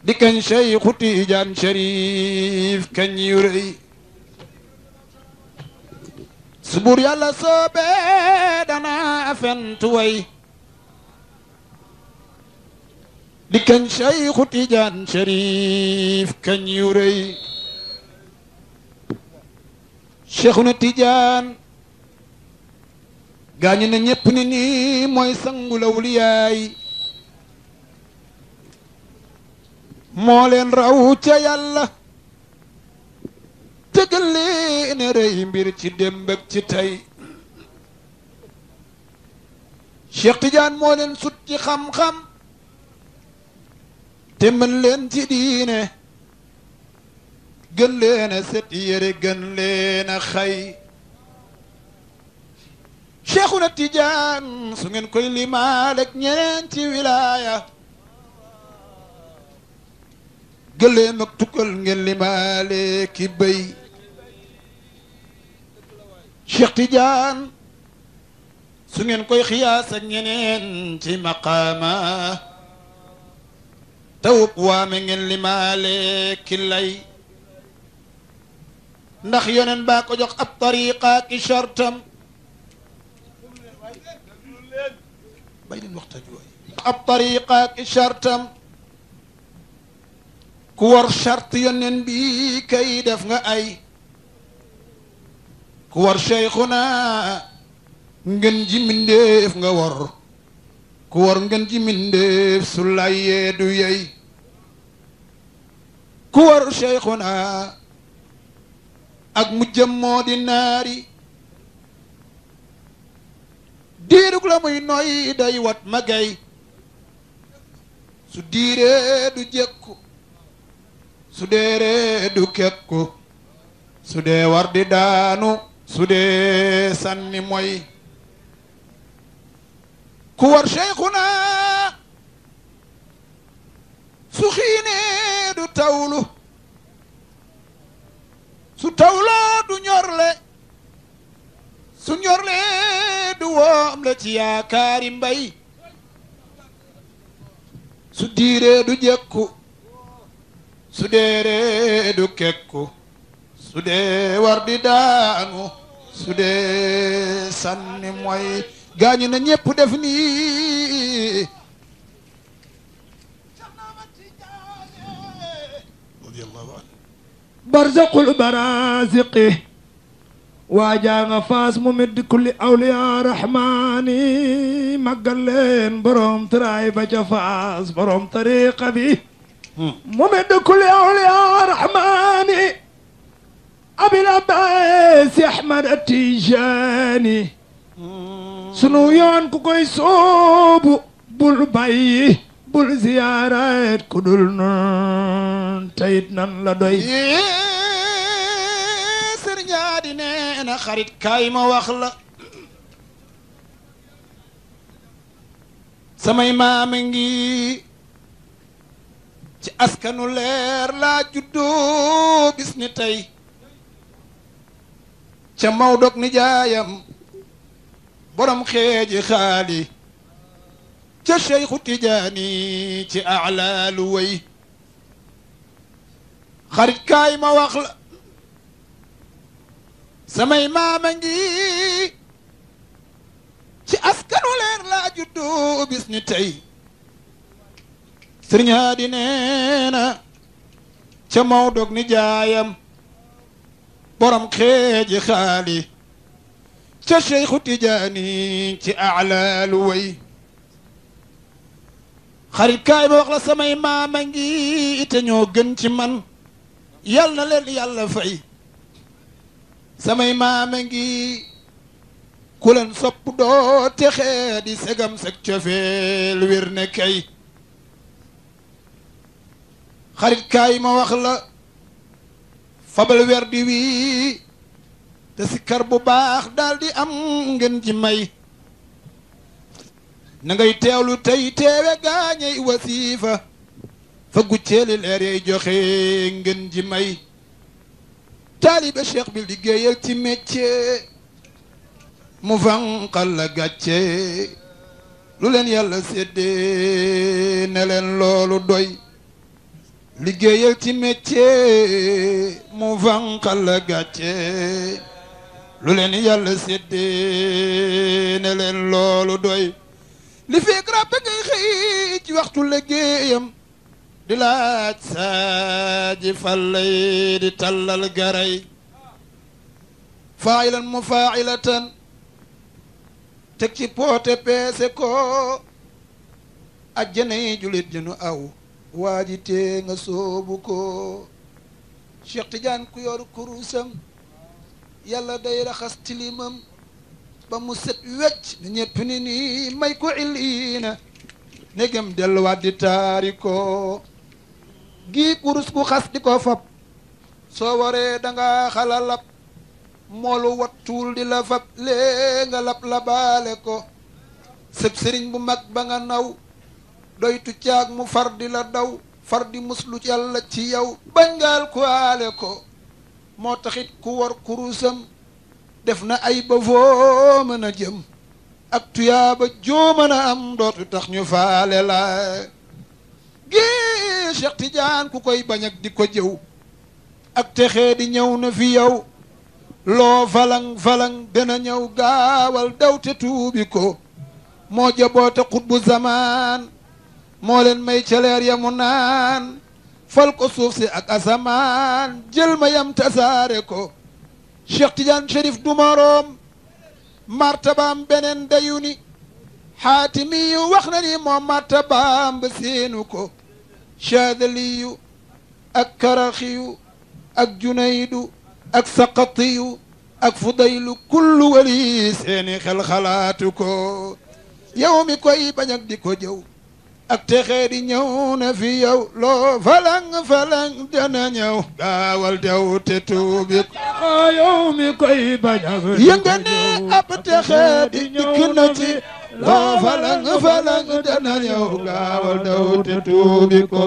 di kañ Cheikhu Tijaan Cherif kañ yu rëy su buur yàlla soobee danaa fentu way di kañ Cheikhu Tijaan Cherif kañ yu rëy Cheikhuna Tijaan gaañu na ñépp ni nii mooy sangu lawliyaay moo leen raw ca yàlla tëgal leen rëy mbir ci démb ak ci tey Cheikh Tidiane moo leen sut ci xam-xam te mën leen ci diine gën leen a set yére gën leen a xay Cheikhuna Tidiane su ngeen koy limaale ak ñeneen ci wilaaya gëlee nag tukkal ngeen li maale ki béy Cheikh Tidiane su ngeen koy xiyaas ak ñeneen ci maqaama tawub waame ngeen li maale ki lay ndax yoneen baa ko jox ab tariqa ki shartam ab tariqa ki shartam ku war charte yónneen bi kay def nga ay ku war cheikhuna ngën ji mindeef nga war ku war ngën ji mindeef su layyee du yey ku war cheikhuna ak mu jëm moo di naari diirug la muy noy day wat magay su diiree du jekku su dee ree du kekku su dee war di daanu su dee sànni mooy ku war cheikhuna su xiinee du tawlu su tawloo du ñorle su ñorle du woom le ci yaakaari mbay su diiree du jekku su dee ree kekku su dee war di daanu su dee sànni mooy gaañu na ñépp def nii barzaqul baraziqi waajaa nga faas mu medd kulli awliya rahmaani màggal leen borom tëraay ba faas borom tariqa bi ممد كل أولياء الرحمن sunu yoon ku koy soobu bul bàyyi bul ziyaareet ku dul noon tayit nan la doy sëriñ Haadi xarit kaay ma wax la samay maam ngi ci askanu leer laa juddoo bis ni tey ca mawdog nijaayam borom xeeji xaali ca cheikhu tijaani ci alaalu way xarit kaay ma la samay maama ngi ci askanu leer laa juddoo bis ni tey sëriñ haadi nee na ca maw dog ni jaayam borom xeeji xaali ca cheikhu tijaani ci alaalu way xarit kaay ba la samay maama ngi ite ñoo gën ci man yal na leen yàlla fay samay maama ngi ku leen sopp doo texee di segam seg cofeel wér ne kay xarit kaay ma wax la fabal wer di wii te sikkar bu baax daal di am ngeen ji may na ngay teewlu tey teewe gaañey wasiifa fa gucceeli leer yay joxe ngeen ji may taaliba cheikh bi liggéeyal ci métier mu fanqal la gàcce lu leen yàlla séddee ne leen loolu doy liggéeyal ci métier mu vànqal la gàcce lu leen yàlla séddee ne leen loolu doy li fekk ràppe ngay xëy ci waxtu liggéeyam di laaj saaji fallay di tallal garay faa'ilan mufaa'ilatan teg ci poote peese ko ajjanay julit jënu aw waji te nga kuyor ko Cheikh Tidiane ku yor kurusam yalla day raxas tilimam ba mu set wecc ni ñepp ni ni may ko ilina di taari ko kurus ku xas diko fop so waré da danga xalalap molu watul di la fab le nga lab labaale ko sep serigne bu mag ba nga naw doytu caag mu far di la daw far di muslu yàlla ci yow bañ ngaal ku aale ko moo taxit ku war kurusam def na ay ba foo mën a jëm ak tuyaaba joo mën am dootu tax ñu faale la gii Cheikh Tidiane ku koy bañ ak di ko jëw ak texee di ñëw na fi yow loo falang-falang dana ñëw gaawal daw te tuubi ko moo jaboote xutbu zamaan moo leen may ca leer ya mu naan fal ko suuf si ak asamaan jël ma yam tasaare ko Cheikh Tidiane Cherif du moroom martabaam beneen dayu ni xaatimiyu wax na ni moom martabaam ba séenu ko caadaliyu ak karaxiyu ak junaydu ak saqatiyu ak fudaylu kullu wali seeni xel xalaatu ko yow mi koy bañ di ko jëw ak texe di ñëw na fi yow loo falang falang dana ñëw gaawal dew te tuubi yow mi koy bañ a yënga ne ab texe di dikk na ci loo falang falang dana ñëw gaawal dew te tuubi ko